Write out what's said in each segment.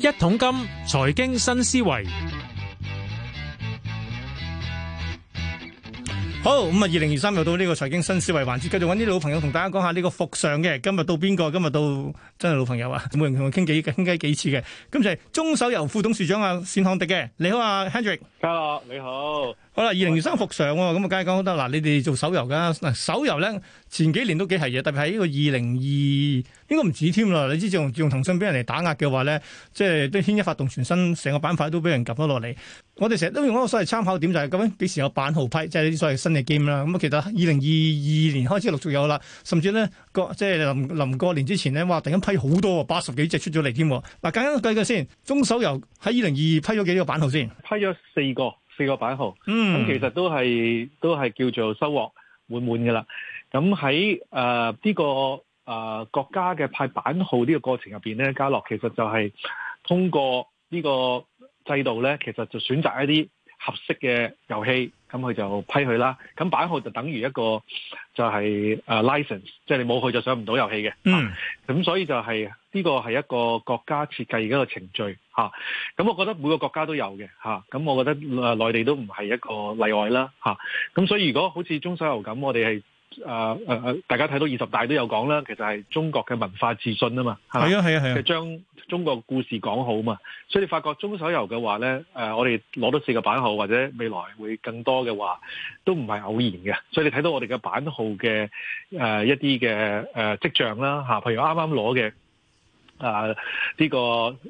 一桶金財經新思維，好咁啊！二零二三又到呢個財經新思維環節，繼續揾啲老朋友同大家講下呢個服上嘅。今日到邊個？今日到真係老朋友啊！冇人同我傾偈傾偈幾次嘅。今就係中手游副董事長啊冼漢迪嘅。你好啊，Henry，嘉樂你好。好啦，二零二三復上喎，咁啊，梗係講得。嗱，你哋做手遊噶，嗱，手遊咧，前幾年都幾係嘢，特別係呢個二零二，應該唔止添啦。你知唔知用用騰訊俾人嚟打壓嘅話咧，即係都牽一發動全身，成個板塊都俾人撳咗落嚟。我哋成日都用嗰個所謂參考點就係咁樣，幾時有版號批，即係啲所謂新嘅 game 啦。咁啊，其實二零二二年開始陸續有啦，甚至咧過即係臨臨過年之前咧，哇，突然間批好多，八十幾隻出咗嚟添。嗱，簡單計計先，中手遊喺二零二二批咗幾個版號先？批咗四個。四個版號，嗯，咁其實都係都係叫做收穫滿滿噶啦。咁喺誒呢個誒、呃、國家嘅派版號呢個過程入邊咧，家樂其實就係通過呢個制度咧，其實就選擇一啲。合適嘅遊戲，咁佢就批佢啦。咁版號就等於一個就係、是、誒、uh, license，即係你冇去就上唔到遊戲嘅。嗯。咁、啊、所以就係呢個係一個國家設計嘅一個程序吓。咁、啊、我覺得每個國家都有嘅吓。咁、啊、我覺得呃、內地都唔係一個例外啦吓。咁、啊、所以如果好似中手遊咁，我哋係。呃呃、大家睇到二十大都有講啦，其實係中國嘅文化自信啊嘛，係啊係啊係啊，將吧、啊啊、中國故事講好嘛，所以你發覺中手遊嘅話咧、呃，我哋攞到四個版號或者未來會更多嘅話，都唔係偶然嘅，所以你睇到我哋嘅版號嘅、呃、一啲嘅誒跡象啦嚇，譬如啱啱攞嘅。啊！呢、這個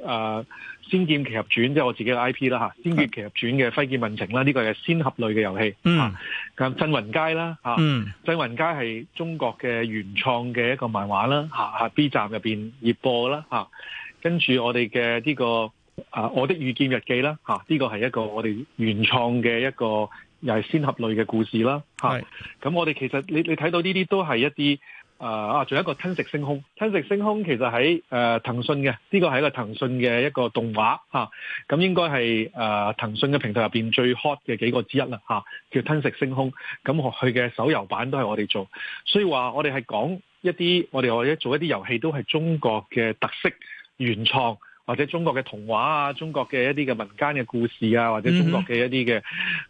啊《仙劍奇俠傳》即、就、係、是、我自己嘅 I P 啦、啊、吓，《仙劍奇俠傳》嘅、啊《揮劍問情》啦，呢個係仙俠類嘅遊戲。啊、嗯。咁、啊《鎮雲街》啦吓，《鎮雲街》係中國嘅原創嘅一個漫畫啦吓、啊、，B 站入邊熱播啦吓。跟、啊、住我哋嘅呢個啊《我的遇見日記》啦、啊、吓，呢、這個係一個我哋原創嘅一個又係仙俠類嘅故事啦係。咁、啊是啊、我哋其實你你睇到呢啲都係一啲。啊啊！仲有一個吞食星空，吞食星空其實喺誒騰訊嘅，呢個係一個騰訊嘅一個動畫嚇，咁、啊、應該係誒、啊、騰訊嘅平台入邊最 hot 嘅幾個之一啦嚇、啊，叫吞食星空，咁佢嘅手遊版都係我哋做，所以話我哋係講一啲我哋或者做一啲遊戲都係中國嘅特色原創。或者中國嘅童話啊，中國嘅一啲嘅民間嘅故事啊，或者中國嘅一啲嘅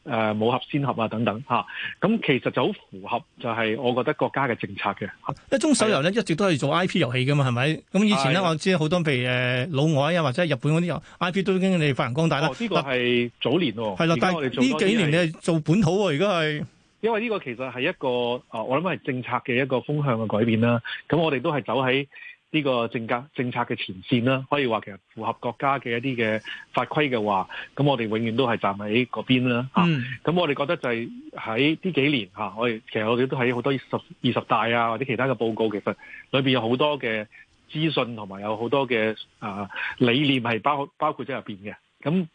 誒武俠仙俠啊等等咁、啊、其實就好符合，就係我覺得國家嘅政策嘅。一中手遊咧的一直都係做 I P 遊戲㗎嘛，係咪？咁以前咧的我知好多譬如、呃、老外啊或者日本嗰啲遊戲 I P 都已經你發揚光大啦。呢、哦呢個係早年喎、啊。啦但，我但呢幾年你係做本土喎、啊，而家係。因為呢個其實係一個，我諗係政策嘅一個風向嘅改變啦、啊。咁我哋都係走喺呢個政策政策嘅前線啦，可以話其實符合國家嘅一啲嘅法規嘅話，咁我哋永遠都係站喺嗰邊啦嚇。咁我哋覺得就係喺呢幾年嚇，我哋其實我哋都喺好多十二十大啊或者其他嘅報告，其實裏邊有好多嘅資訊同埋有好多嘅啊、呃、理念係包包括咗入邊嘅。咁、嗯、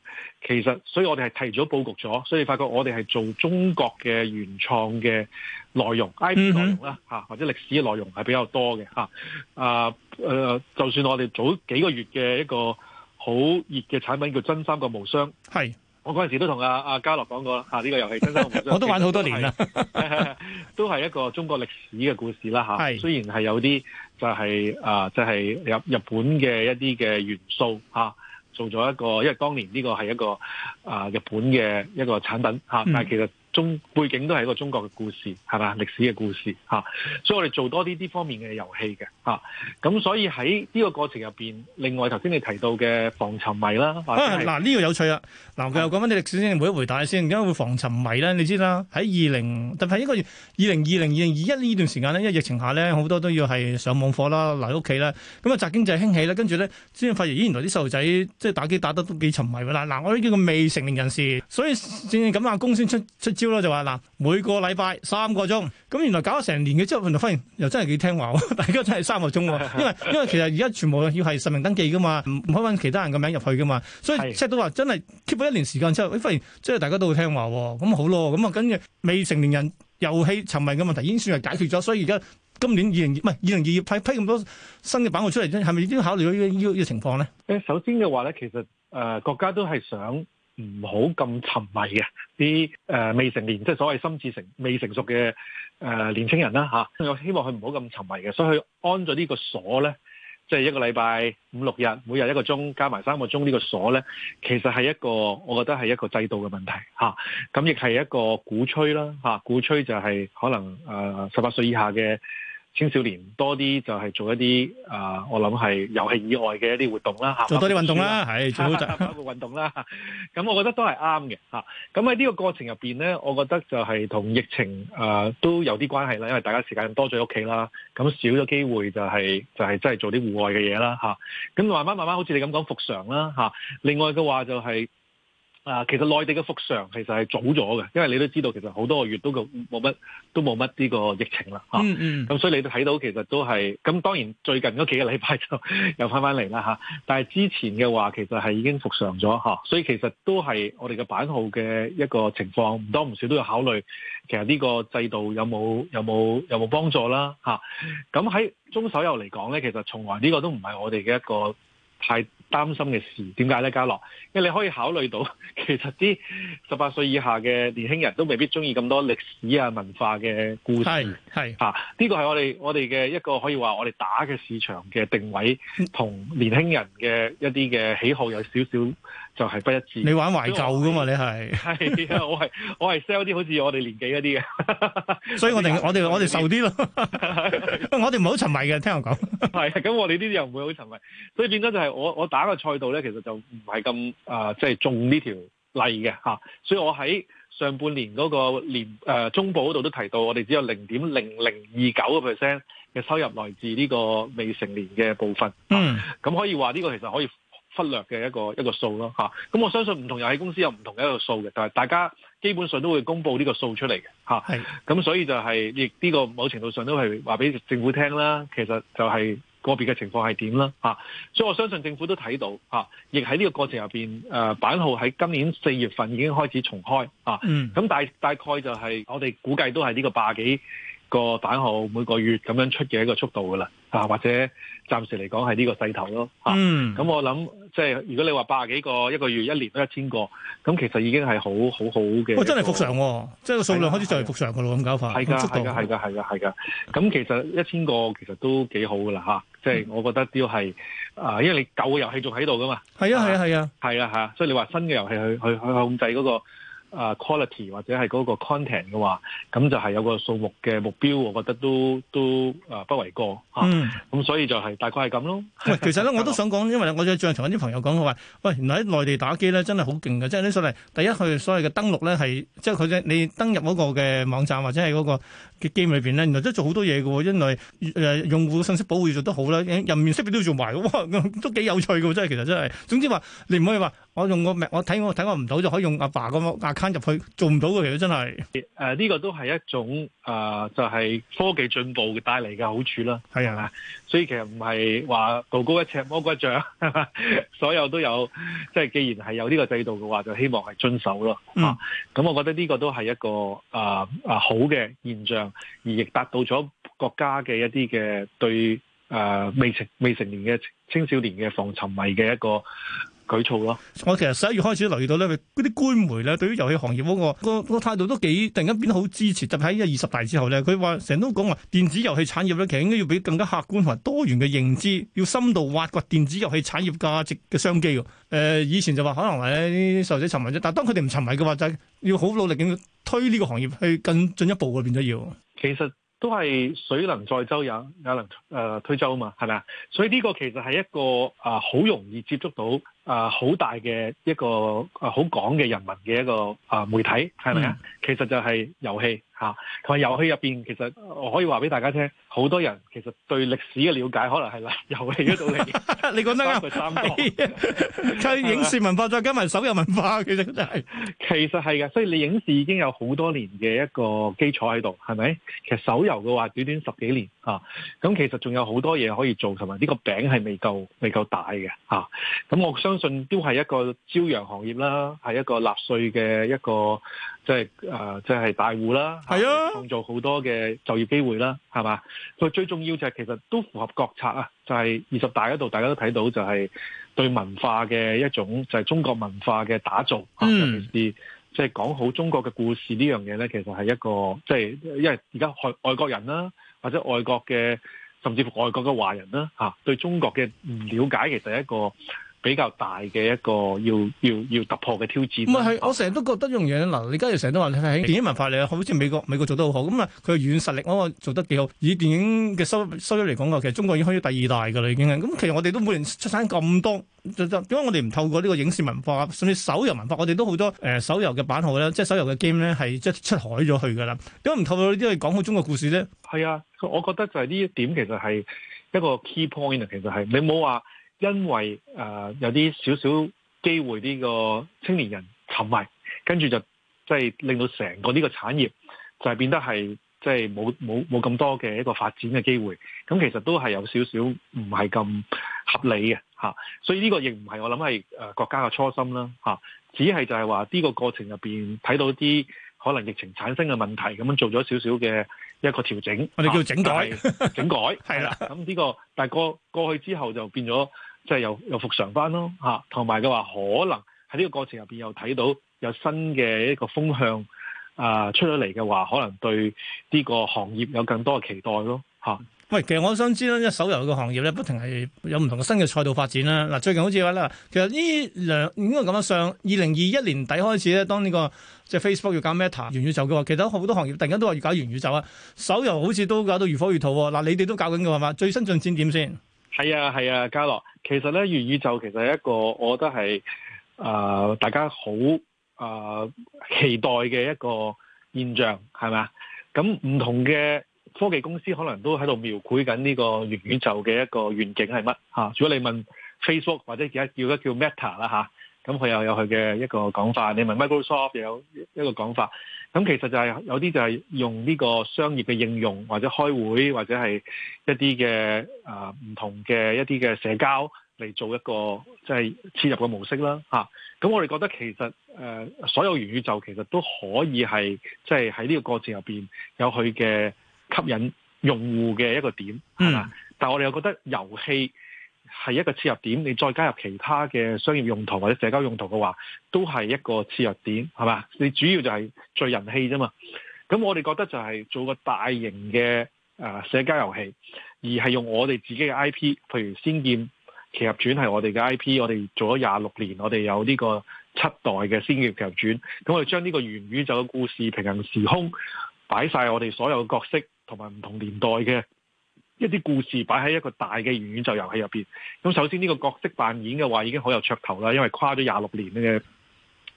其實，所以我哋係提早佈局咗，所以發覺我哋係做中國嘅原創嘅內容、IP 內容啦，或者歷史嘅內容係比較多嘅啊、呃，就算我哋早幾個月嘅一個好熱嘅產品叫《真三國無雙》，是我嗰陣時都同阿阿嘉樂講過啦，呢、啊呢個遊戲《真三國無雙》， 我都玩好多年啦， 都係一個中國歷史嘅故事啦，嚇、啊。是雖然係有啲就係、是、啊，就係、是、日日本嘅一啲嘅元素、啊做咗一個，因為當年呢個係一個啊、呃、日本嘅一個產品吓，但係其實。中背景都係一個中國嘅故事，係嘛歷史嘅故事嚇，所以我哋做多啲呢方面嘅遊戲嘅嚇，咁所以喺呢個過程入邊，另外頭先你提到嘅防沉迷啦，嗱呢、啊啊這個有趣啊，嗱佢又講翻啲歷史、啊、先，每一回答先，點解會防沉迷咧？你知啦，喺二零特別係呢個月二零二零二零二一呢段時間呢，因為疫情下咧，好多都要係上網課啦，留喺屋企啦，咁啊宅經濟興起啦，跟住咧先發現原來啲細路仔即係打機打得都幾沉迷㗎啦，嗱、啊、我呢啲個未成年人士，所以正正咁阿公先出出。出招咯就話嗱，每個禮拜三個鐘，咁原來搞咗成年嘅之後，原來發現又真係幾聽話喎，大家真係三個鐘，因為因為其實而家全部要係實名登記噶嘛，唔唔可以搵其他人嘅名入去噶嘛，所以即係都話真係 keep 咗一年時間之後，誒發現即係大家都會聽話，咁好咯，咁啊跟住未成年人遊戲沉迷嘅問題已經算係解決咗，所以而家今年二零二唔係二零二二批批咁多新嘅版號出嚟，真係咪已經考慮咗呢呢個情況咧？首先嘅話咧，其實誒、呃、國家都係想。唔好咁沉迷嘅啲未成年，即係所謂心智成未成熟嘅年青人啦嚇。我希望佢唔好咁沉迷嘅，所以佢安咗呢個鎖咧，即係一個禮拜五六日，每日一個鐘加埋三個鐘呢個鎖咧，其實係一個我覺得係一個制度嘅問題嚇，咁亦係一個鼓吹啦嚇，鼓吹就係可能誒十八歲以下嘅。青少年多啲就係做一啲啊、呃，我諗係遊戲以外嘅一啲活動啦嚇，做多啲運動啦，係最好就做運動啦。咁我覺得都係啱嘅嚇。咁喺呢個過程入邊咧，我覺得就係同疫情啊、呃、都有啲關係啦，因為大家時間多咗喺屋企啦，咁少咗機會就係、是、就係、是、真係做啲戶外嘅嘢啦嚇。咁慢慢慢慢好似你咁講復常啦另外嘅話就係、是。啊，其實內地嘅復常其實係早咗嘅，因為你都知道其實好多個月都冇乜都冇乜呢個疫情啦嚇。咁、mm hmm. 啊、所以你都睇到其實都係咁，當然最近嗰幾個禮拜就又翻翻嚟啦嚇。但係之前嘅話其實係已經復常咗嚇、啊，所以其實都係我哋嘅版號嘅一個情況，唔多唔少都要考慮。其實呢個制度有冇有冇有冇幫助啦嚇？咁、啊、喺中手遊嚟講咧，其實從來呢個都唔係我哋嘅一個太。擔心嘅事，點解咧？嘉樂，因為你可以考慮到，其實啲十八歲以下嘅年輕人都未必中意咁多歷史啊、文化嘅故事，係係嚇，呢個係我哋我哋嘅一個可以話我哋打嘅市場嘅定位，同年輕人嘅一啲嘅喜好有少少。就係不一致的。你玩懷舊㗎嘛？你係係啊！我係是我係 sell 啲好似我哋年紀嗰啲嘅， 所以我哋我哋我哋瘦啲咯。 我哋唔係好沉迷嘅，聽我講係。咁我哋呢啲又唔會好沉迷，所以變咗就係我我打個賽道咧，其實就唔係咁啊！即、呃、係、就是、中呢條例嘅所以我喺上半年嗰個年、呃、中部嗰度都提到，我哋只有零點零零二九個 percent 嘅收入來自呢個未成年嘅部分。嗯，咁、啊、可以話呢個其實可以，忽略嘅一個個一數咯，咁我相信唔同遊戲公司有唔同嘅一個數嘅，但係大家基本上都會公布呢個數出嚟嘅，咁所以就係亦呢個某程度上都係話俾政府聽啦，其實就係個別嘅情況係點啦，所以我相信政府都睇到亦喺呢個過程入面，版號喺今年四月份已經開始重開咁、啊嗯、大大概就係我哋估計都係呢個百幾。個版號每個月咁樣出嘅一個速度噶啦，啊或者暫時嚟講係呢個勢頭咯，吓咁我諗即係如果你話八十幾個一個月一年都一千個，咁其實已經係好好好嘅。我真係復常，即係個數量開始就係復常噶啦，咁搞法。係噶，係噶，係噶，係噶。咁其實一千個其實都幾好噶啦，吓即係我覺得都要係啊，因為你舊遊戲仲喺度噶嘛。係啊，係啊，係啊，係啊，吓。所以你話新嘅遊戲去去去控制嗰個。啊，quality 或者係嗰個 content 嘅話，咁就係有個數目嘅目標，我覺得都都啊不為過嚇。咁、嗯啊、所以就係大概係咁咯。喂，其實咧我都想講，因為我有在場啲朋友講嘅話，喂，原來喺內地打機咧真係好勁嘅，即係呢出嚟。第一佢所謂嘅登錄咧係，即係佢啫，就是、你登入嗰個嘅網站或者係嗰個嘅 game 裏邊咧，原來都做好多嘢嘅喎。因為誒、呃、用戶信息保護做得好啦，人面識別都要做埋，哇，都幾有趣嘅喎。真係其實真係，總之話你唔可以話。我用個名，我睇我睇我唔到就可以用阿爸個 account 入去，做唔到嘅其實真係。誒、呃，呢、這個都係一種誒、呃，就係、是、科技進步嘅帶嚟嘅好處啦。係啊的，所以其實唔係話高高一尺，魔高一丈 所有都有。即、就、係、是、既然係有呢個制度嘅話，就希望係遵守咯、嗯啊呃。啊，咁我覺得呢個都係一個誒誒好嘅現象，而亦達到咗國家嘅一啲嘅對誒未成未成年嘅青少年嘅防沉迷嘅一個。舉措咯！我其實十一月開始留意到咧，嗰啲官媒咧對於遊戲行業嗰、嗰個、嗰個個態度都幾突然間變得好支持，特別喺二十大之後咧，佢話成日都講話電子遊戲產業咧，其實應該要俾更加客觀同埋多元嘅認知，要深度挖掘電子遊戲產業價值嘅商機㗎、呃。以前就話可能係啲細仔沉迷啫，但當佢哋唔沉迷嘅話，就係要好努力咁推呢個行業去更進一步嘅變咗要。其實都係水能載舟，也也能誒、呃、推舟啊嘛，係咪啊？所以呢個其實係一個啊，好、呃、容易接觸到。啊，好、呃、大嘅一個啊，好廣嘅人民嘅一個啊、呃，媒體係咪啊？是嗯、其實就係遊戲吓，同、啊、埋遊戲入邊，其實我可以話俾大家聽，好多人其實對歷史嘅了解，可能係咪遊戲嗰度嚟？你覺得，係啊， 佢影視文化再加埋手遊文化， 是吧其實就係，其實係嘅。所以你影視已經有好多年嘅一個基礎喺度，係咪？其實手遊嘅話，短短十幾年啊，咁其實仲有好多嘢可以做，同埋呢個餅係未夠未夠大嘅吓。咁、啊、我相信都係一個朝陽行業啦，係一個納稅嘅一個即係誒，即係大戶啦。係啊，創造好多嘅就業機會啦，係嘛？佢最重要就係其實都符合國策啊，就係、是、二十大嗰度大家都睇到，就係對文化嘅一種就係、是、中國文化嘅打造啊，嗯、尤其是即係講好中國嘅故事，這事呢樣嘢咧，其實係一個即係、就是、因為而家外外國人啦，或者外國嘅甚至乎外國嘅華人啦吓、啊、對中國嘅唔了解其實係一個。比較大嘅一個要要要突破嘅挑戰啊。唔係，係我成日都覺得樣嘢嗱，你而家又成日都話你喺電影文化嚟好似美國美國做得好好咁啊，佢軟實力嗰個做得幾好。以電影嘅收收入嚟講啊，其實中國已經開咗第二大噶啦，已經。咁其實我哋都每年出產咁多，就因為我哋唔透過呢個影視文化，甚至手遊文化，我哋都好多誒手遊嘅版號咧，即係手遊嘅 game 咧，係即係出海咗去噶啦。點解唔透過呢啲去講好中國故事呢？係啊，我覺得就係呢一點，其實係一個 key point 啊。其實係你冇話。因為誒、呃、有啲少少機會呢，呢個青年人沉迷，跟住就即係、就是、令到成個呢個產業就係變得係即係冇冇冇咁多嘅一個發展嘅機會，咁其實都係有少少唔係咁合理嘅吓，啊，所以呢個亦唔係我諗係誒國家嘅初心啦吓，啊，只係就係話呢個過程入邊睇到啲可能疫情產生嘅問題，咁樣做咗少少嘅一個調整，我哋叫整改，啊， 整改係啦，咁呢 的、嗯，呢個但係過過去之後就變咗。即係又又復常翻咯嚇，同埋嘅話可能喺呢個過程入邊又睇到有新嘅一個風向啊、呃、出咗嚟嘅話，可能對呢個行業有更多嘅期待咯嚇。喂，其實我想知咧，因為手遊個行業咧不停係有唔同嘅新嘅賽道發展啦。嗱，最近好似話咧，其實呢兩應該咁樣上二零二一年底開始咧，當呢、這個即係、就是、Facebook 要搞 Meta 元宇宙嘅話，其實好多行業突然間都話要搞元宇宙啊。手遊好似都搞到如火如荼喎。嗱，你哋都搞緊嘅係嘛？最新進展點先？係啊，係啊，嘉樂，其實咧，元宇宙其實係一個，我覺得係，誒、呃，大家好誒、呃、期待嘅一個現象，係咪啊？咁唔同嘅科技公司可能都喺度描繪緊呢個元宇宙嘅一個願景係乜？吓、啊，如果你問 Facebook 或者而家叫咗叫 Meta 啦、啊、吓。咁佢又有佢嘅一個講法，你問 Microsoft 又有一個講法，咁其實就係有啲就係用呢個商業嘅應用或者開會或者係一啲嘅啊唔同嘅一啲嘅社交嚟做一個即係、就是、切入嘅模式啦吓咁、啊、我哋覺得其實誒、呃、所有元宇宙其實都可以係即係喺呢個過程入邊有佢嘅吸引用戶嘅一個點，嗯、係嘛？但係我哋又覺得遊戲。係一個切入點，你再加入其他嘅商業用途或者社交用途嘅話，都係一個切入點，係嘛？你主要就係聚人氣啫嘛。咁我哋覺得就係做個大型嘅誒、呃、社交遊戲，而係用我哋自己嘅 IP，譬如仙劍《仙劍奇俠傳》係我哋嘅 IP，我哋做咗廿六年，我哋有呢個七代嘅《仙劍奇俠傳》，咁我哋將呢個元宇宙嘅故事，平行時空擺晒，我哋所有嘅角色同埋唔同年代嘅。一啲故事擺喺一個大嘅元宇宙遊戲入面。咁首先呢個角色扮演嘅話已經好有噱頭啦，因為跨咗廿六年嘅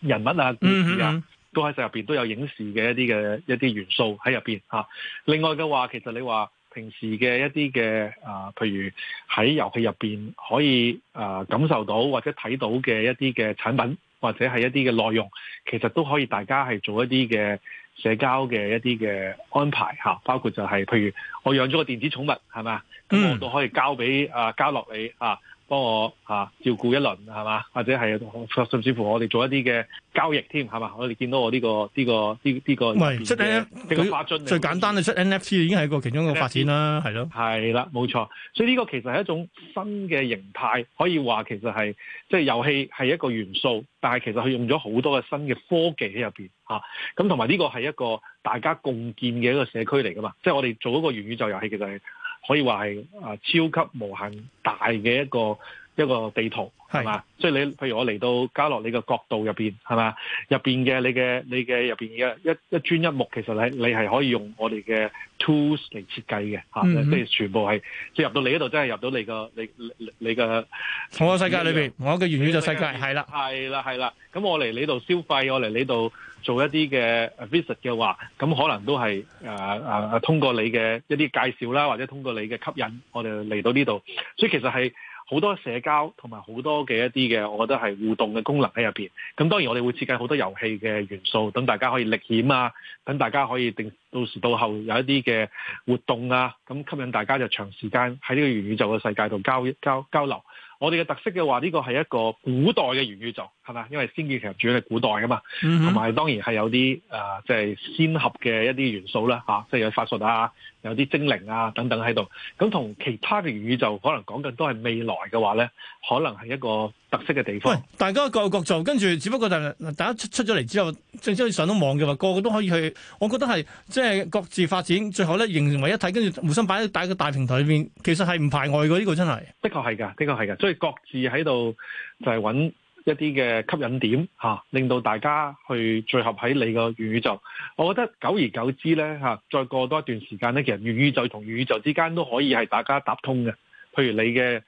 人物啊、故事啊，嗯、哼哼都喺入面都有影視嘅一啲嘅一啲元素喺入面。另外嘅話，其實你話平時嘅一啲嘅啊，譬、呃、如喺遊戲入面可以、呃、感受到或者睇到嘅一啲嘅產品。或者係一啲嘅內容，其實都可以大家係做一啲嘅社交嘅一啲嘅安排吓，包括就係譬如我養咗個電子寵物係咪？咁我都可以交俾啊交落你啊。幫我吓、啊、照顧一輪係嘛，或者係甚至乎我哋做一啲嘅交易添係嘛，我哋見到我呢、呢個呢、呢個呢呢、呢個唔係出第發最簡單嘅出 NFT 已經係一個其中一個發展啦，係咯 NFT。係嘅。係啦，冇錯。所以呢個其實係一種新嘅形態，可以話其實係即係遊戲係一個元素，但係其實佢用咗好多嘅新嘅科技喺入邊吓。咁同埋呢個係一個大家共建嘅一個社區嚟噶嘛。即係我哋做一個元宇宙遊戲其實係。可以話係啊，超級無限大嘅一個一個地圖係嘛？即係是的 所以你譬如我嚟到加樂，你嘅角度入邊係嘛？入邊嘅你嘅你嘅入邊嘅一一磚一木，其實係你係可以用我哋嘅 tools 嚟設計嘅嚇，即係、mm hmm. 全部係即係入到你嗰度，真係入到你個你你的你嘅我嘅世界裏邊，我嘅元宇宙世界係啦，係啦係啦，咁我嚟呢度消費，我嚟呢度。做一啲嘅 visit 嘅話，咁可能都係誒、呃啊啊、通過你嘅一啲介紹啦，或者通過你嘅吸引，我哋嚟到呢度。所以其實係好多社交同埋好多嘅一啲嘅，我覺得係互動嘅功能喺入邊。咁當然我哋會設計好多遊戲嘅元素，等大家可以歷險啊，等大家可以定到時到後有一啲嘅活動啊，咁吸引大家就長時間喺呢個元宇宙嘅世界度交交交流。我哋嘅特色嘅話，呢、這個係一個古代嘅元宇宙，係咪？因為仙劍其實主要係古代噶嘛，同埋、嗯、哼當然係有啲誒，即係仙俠嘅一啲元素啦，吓、啊，即、就、有、是、法術啊。有啲精靈啊等等喺度，咁同其他嘅宇宙可能講緊都係未來嘅話咧，可能係一個特色嘅地方。大家各有各做，跟住只不過就大家出出咗嚟之後，正式可以上到網嘅話，個個都可以去。我覺得係即係各自發展，最後咧形成為一體，跟住互相擺喺大個大平台裏面，其實係唔排外嘅呢個真係。的確係㗎，的確係㗎，所以各自喺度就係揾。一啲嘅吸引點，啊、令到大家去聚合喺你個元宇宙。我覺得久而久之咧嚇，啊，再過多一段時間咧，其實元宇宙同宇宙之間都可以係大家打通嘅。譬如你嘅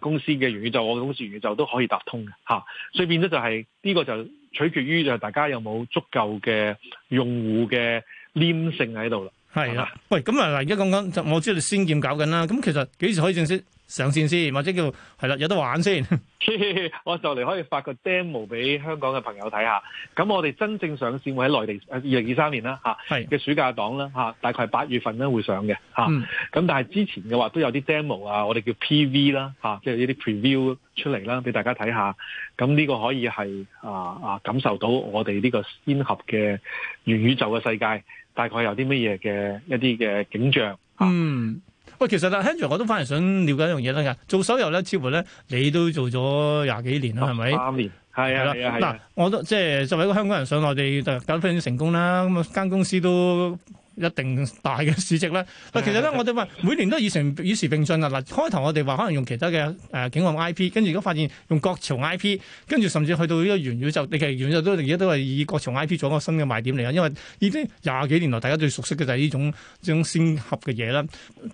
公司嘅元宇宙，我公司元宇宙都可以打通嘅嚇，啊。所以變咗就係，是、呢，這個就取決於就係大家有冇足夠嘅用戶嘅黏性喺度啦。係的吧喂，咁啊嗱，而家講講就我知道你仙劍搞緊啦。咁其實幾時可以正式？上線先，或者叫係啦，有得玩先。 我就嚟可以發個 demo 俾香港嘅朋友睇下。咁我哋真正上線會喺內地，誒二零二三年啦，吓嘅暑假檔啦，吓大概係八月份咧會上嘅。吓咁是但係之前嘅話都有啲 demo 啊，我哋叫 PV 啦，吓即係呢啲 preview 出嚟啦，俾大家睇下。咁呢個可以係啊啊感受到我哋呢個仙俠嘅元宇宙嘅世界，大概有啲乜嘢嘅一啲嘅景象吓。嗯喂，其實 Henry 我都反而想了解一樣嘢啦，噶做手遊咧，似乎咧你都做咗廿幾年啦，係咪、oh, 吧？廿年，係係啦，嗱，我都即係、就是、作為一個香港人上內地，就搞得非常之成功啦，咁啊間公司都。一定大嘅市值啦。嗱，其實咧，我哋話每年都以成以時並進啊！嗱，開頭我哋話可能用其他嘅警、呃、境外 IP，跟住而家發現用國潮 IP，跟住甚至去到呢個元宇宙。就，其實元宇宙都而家都係以國潮 IP 做一個新嘅賣點嚟啦。因為已經廿幾年來，大家最熟悉嘅就係呢種種先合嘅嘢啦。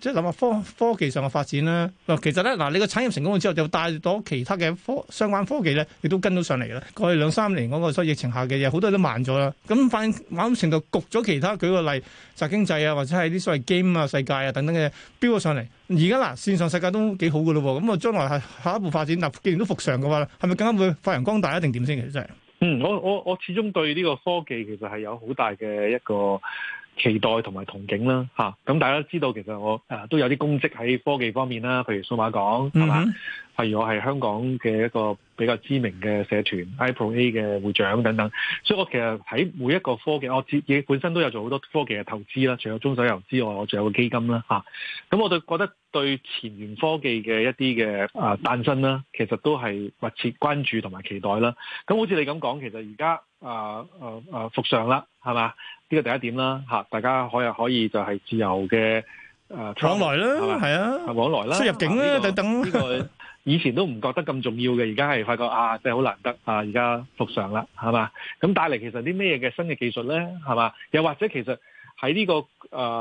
即係諗下科科技上嘅發展啦。嗱，其實咧，嗱你個產業成功咗之後，就帶到其他嘅科相關科技咧，亦都跟到上嚟啦。過去兩三年嗰個所以疫情下嘅嘢好多人都慢咗啦，咁反反成度焗咗其他。舉個例。宅經濟啊，或者係啲所謂 game 啊、世界啊等等嘅，飆咗上嚟。而家嗱，線上世界都幾好噶咯。咁啊，將來係下一步發展，嗱，既然都復常嘅話，係咪更加會發揚光大？一定點先？其實係？嗯，我我我始終對呢個科技其實係有好大嘅一個。期待同埋憧憬啦，吓，咁大家知道，其實我誒都有啲功績喺科技方面啦，譬如數碼港係嘛？Mm hmm. 譬如我係香港嘅一個比較知名嘅社團、mm hmm. iProA 嘅會長等等，所以我其實喺每一個科技，我自己本身都有做好多科技嘅投資啦。除咗中手游之外，我仲有個基金啦，咁我就覺得對前沿科技嘅一啲嘅啊誕生啦，其實都係密切關注同埋期待啦。咁好似你咁講，其實而家。啊！啊！啊！復常啦，係嘛？呢、這個第一點啦，大家可以可以就係自由嘅誒、啊、往來啦，係吧啊，往來啦，出入境啦，啊這個、等等呢 個以前都唔覺得咁重要嘅，而家係發覺啊，真係好難得啊！而家復常啦，係嘛？咁帶嚟其實啲咩嘅新嘅技術咧，係嘛？又或者其實喺呢、這個誒、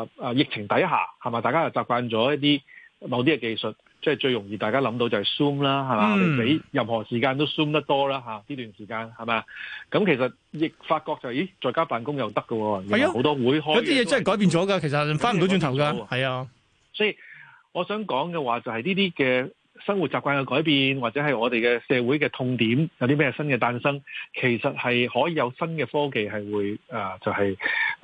啊啊、疫情底下係咪大家又習慣咗一啲某啲嘅技術。即係最容易大家諗到就係 Zoom 啦，係嘛？嗯、比任何時間都 Zoom 得多啦，嚇、啊！呢段時間係咪？咁其實亦發覺就係、是，咦，在家辦公又得㗎喎，好多會開嗰啲嘢真係改變咗㗎，其實翻唔到轉頭㗎。係啊。所以我想講嘅話就係呢啲嘅。生活習慣嘅改變，或者係我哋嘅社會嘅痛點，有啲咩新嘅誕生，其實係可以有新嘅科技係會啊、呃，就係、是、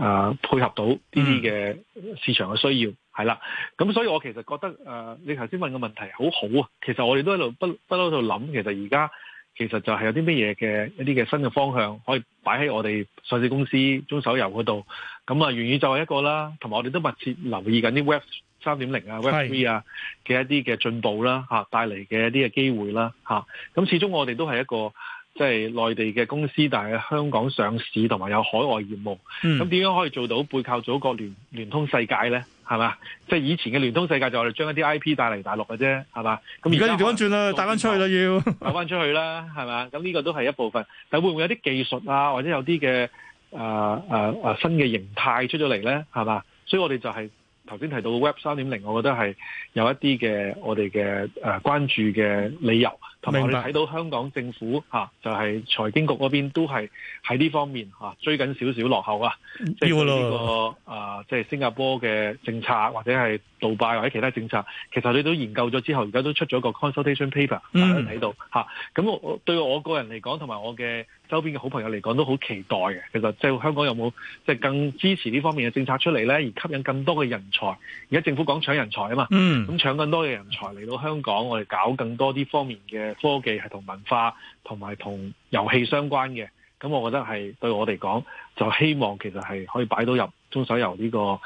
啊、呃、配合到呢啲嘅市場嘅需要，係啦。咁所以我其實覺得誒、呃，你頭先問嘅問題很好好啊。其實我哋都喺度不不嬲喺度諗，其實而家其實就係有啲咩嘢嘅一啲嘅新嘅方向，可以擺喺我哋上市公司中手遊嗰度。咁啊，元宇宙係一個啦，同埋我哋都密切留意緊啲 Web 三點零啊，Web Three 啊嘅一啲嘅進步啦，吓帶嚟嘅一啲嘅機會啦，吓咁始終我哋都係一個即係內地嘅公司，但係香港上市同埋有海外業務，咁點、嗯、樣可以做到背靠祖國聯聯通世界咧？係嘛，即、就、係、是、以前嘅聯通世界就是我哋將一啲 I P 帶嚟大陸嘅啫，係嘛，咁而家要點樣轉啦，帶翻出去啦，要帶翻出去啦，係咪？咁呢個都係一部分，但會唔會有啲技術啊，或者有啲嘅誒誒誒新嘅形態出咗嚟咧？係嘛，所以我哋就係、是。頭先提到 Web 三點零，我覺得係有一啲嘅我哋嘅誒，關注嘅理由。同埋你睇到香港政府吓，啊，就係財經局嗰邊都係喺呢方面吓，啊，追緊少少落後啊，即係呢個了啊，即係新加坡嘅政策，或者係杜拜或者其他政策，其實你都研究咗之後而家都出咗個 consultation paper 喺度吓，嗯啊，咁我對我個人嚟講同埋我嘅周邊嘅好朋友嚟講都好期待嘅。其實即係香港有冇即係更支持呢方面嘅政策出嚟咧，而吸引更多嘅人才？而家政府講搶人才啊嘛，咁搶更多嘅人才嚟到香港，我哋搞更多啲方面嘅。科技係同文化同埋同遊戲相關嘅，咁我覺得係對我哋講，就希望其實係可以擺到入中手游呢個。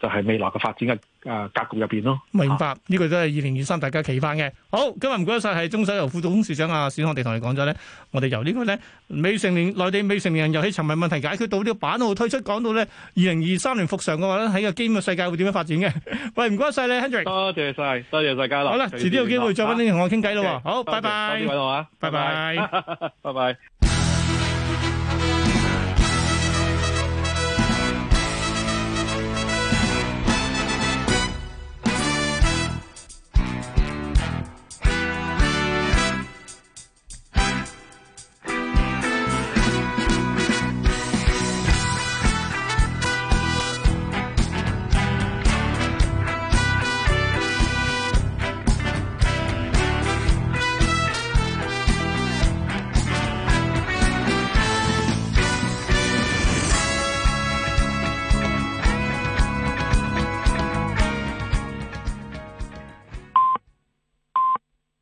就係未來嘅發展嘅誒格局入邊咯，明白呢個都係二零二三大家企翻嘅。好，今日唔該晒，係中手游副董事長阿冼漢迪同你講咗咧。我哋由呢個咧未成年內地未成年人遊戲沉迷問題解決到呢個版號推出，講到咧二零二三年復常嘅話咧，喺個 game 嘅世界會點樣發展嘅？喂，唔該晒你，Henry。多謝晒，多謝晒，嘉樂。好啦，遲啲有機會再搵你同我傾偈咯。好，拜拜。多謝嘉樂啊，拜拜，拜拜。